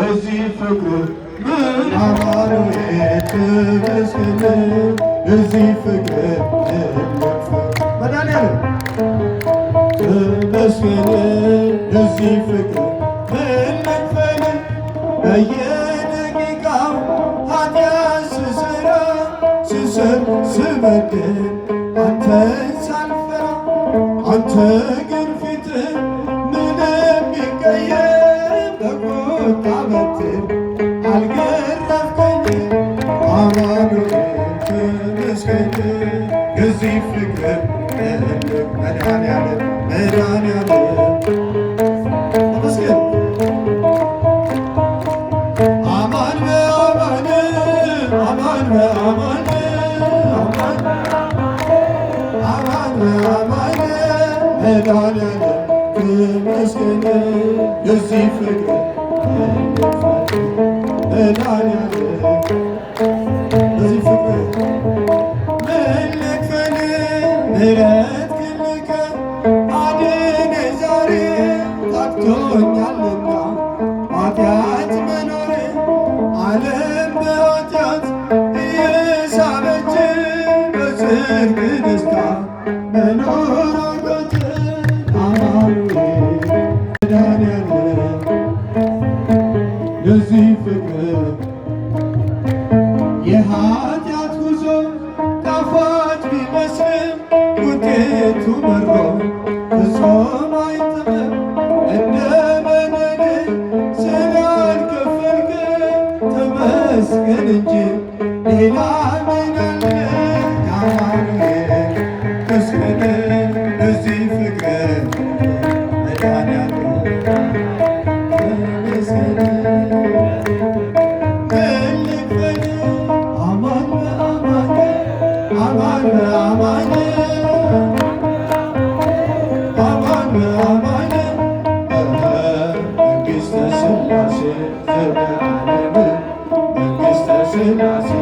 እዚህ ፍቅር ምን ተመስገን እዚህ ፍቅር ተመስገን እዚህ ፍቅር ምን በየደቂቃው ኃጢአት ስሰራ ስሰር ስበድል አንተን ሳልፈራ አንተ ግን ፊትህ ምንም በቁጣ አማኑኤል ተመስገን የዚህ ፍቅር ትልቅ መድኃኒዓለም መድኃኒዓለም ተመስገን አማን በአማን አማን በአማን አማን በአማን መድኃኒዓለም ተመስገን የዚህ ፍቅር ትልቅ መድኃኒዓለም ምሕረት ክልከ አድን ዛሬ ታክቶኛልና ኃጢአት መኖሬ ዓለም በኃጢአት እየሳበች በጽድቅ ደስታ መኖር ቤቱ በሮ ፍጹም እንደ መነነ ስለ ተመስገን እንጂ መንግሥተ ሥላሴ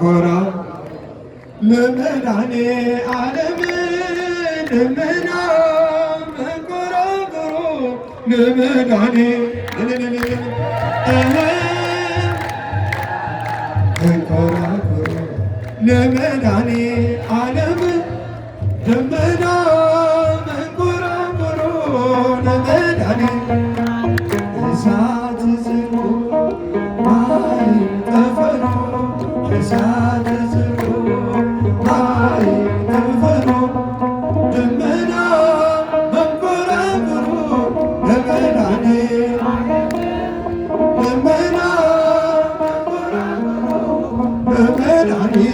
ኮራ ለመዳኔ ዓለም ደመና መንኮራኩሮ ለመዳኔ መንኮራኩሮ ለመድኃኔ ዓለም ልመና መንኮራኩሮ ለመድኃኔ Ja, an.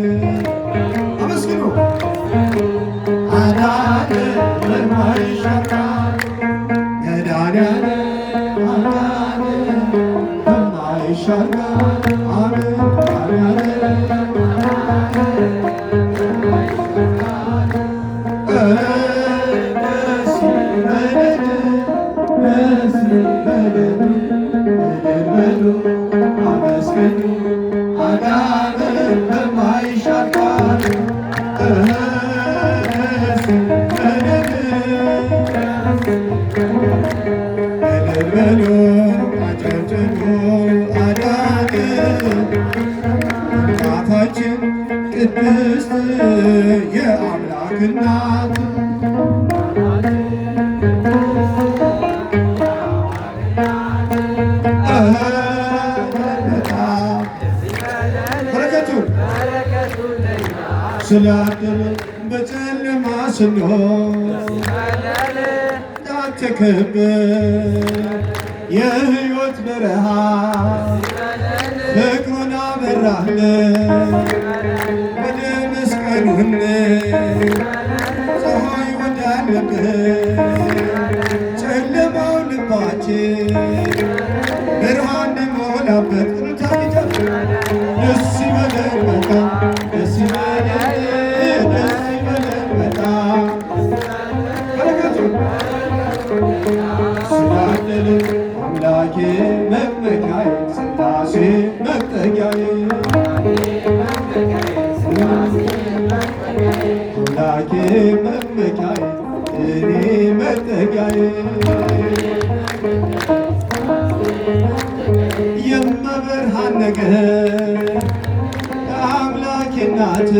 እናታችን ቅድስት የአምላክ እናት ስላደረ በጨለማ ስንሆን ዳተከብር የህይወት ብርሃን ፍቅሩን አበራህልን ወደ መስቀሉን ፀሐይ ወዳለብህ ጨለማው ልባችን ብርሃን ሞላበት እኔ መጠጊያዬ የመብርሃን ነገር አምላኬ እናት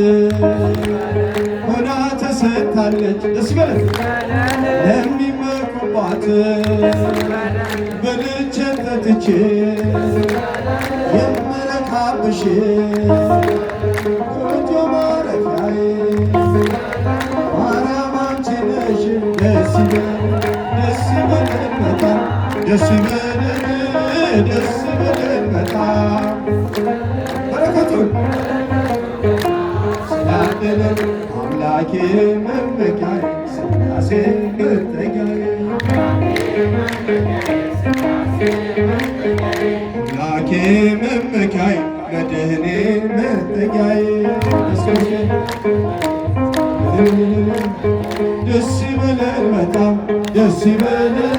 ሆና ተሰጥታለች። ደስ ይበለን ለሚመኩባት በልቼ ጠጥቼ የምረካብሽ ደስ ይበል ደስ ይበል በጣም በረከቱን ስላደለን አምላኬ መመኪያዬ ስላሴ መጠጊያዬ አምላኬ መመኪያዬ መድህኔ መጠጊያዬ ደስ ይበለን በጣም ደስ ይበለን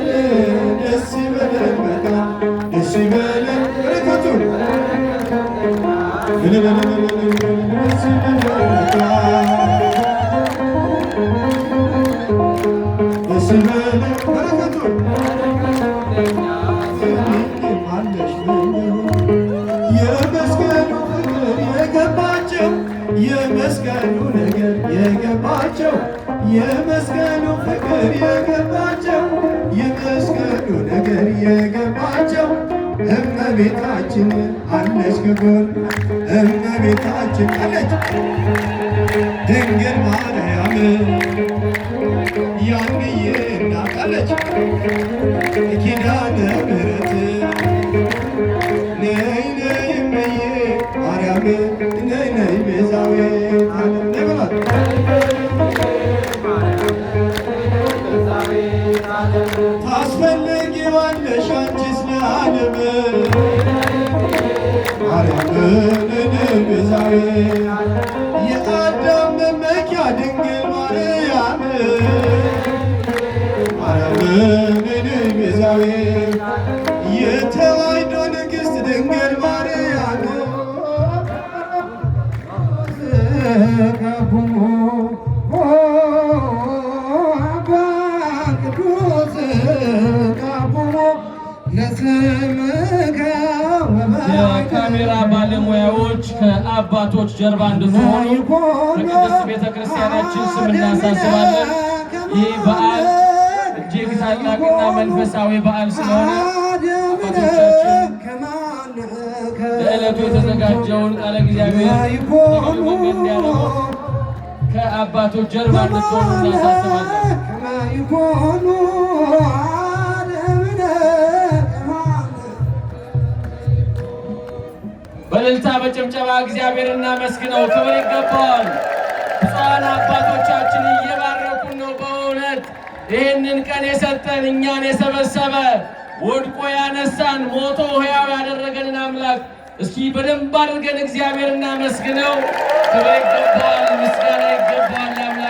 የመስቀሉ ነገር የገባቸው የመስቀሉ ፍቅር የገባቸው የመስቀሉ ነገር የገባቸው እመቤታችን ነሽ ክቡር እመቤታችን አለች ድንግል ማርያም ያን ጊዜ እናቃለች ኪዳነ ምሕረት የተዋሕዶ ንግሥት ድንግል ማርያም የካሜራ ባለሙያዎች ከአባቶች ጀርባ እንድትሆኑ በቅድስት ቤተ ክርስቲያናችን ስም እናሳስባለን። ይህ በዓል እጅግ ታላቅና መንፈሳዊ በዓል ስለሆነ ለዕለቱ የተዘጋጀውን ቃለ እግዚአብሔር እንዲያለ ጀርባ እንድትሆኑ እናሳስባለን። በእልልታ በጭብጨባ እግዚአብሔር እናመስግነው። ክብር ይገባዋል። ሕፃን አባቶቻችን እየባረኩን ነው። በእውነት ይህንን ቀን የሰጠን እኛን የሰበሰበ ወድቆ ያነሳን ሞቶ ሕያው ያደረገንን አምላክ እስኪ በደንብ አድርገን እግዚአብሔር እናመስግነው። ክብር ይገባዋል፣ ምስጋና ይገባዋል።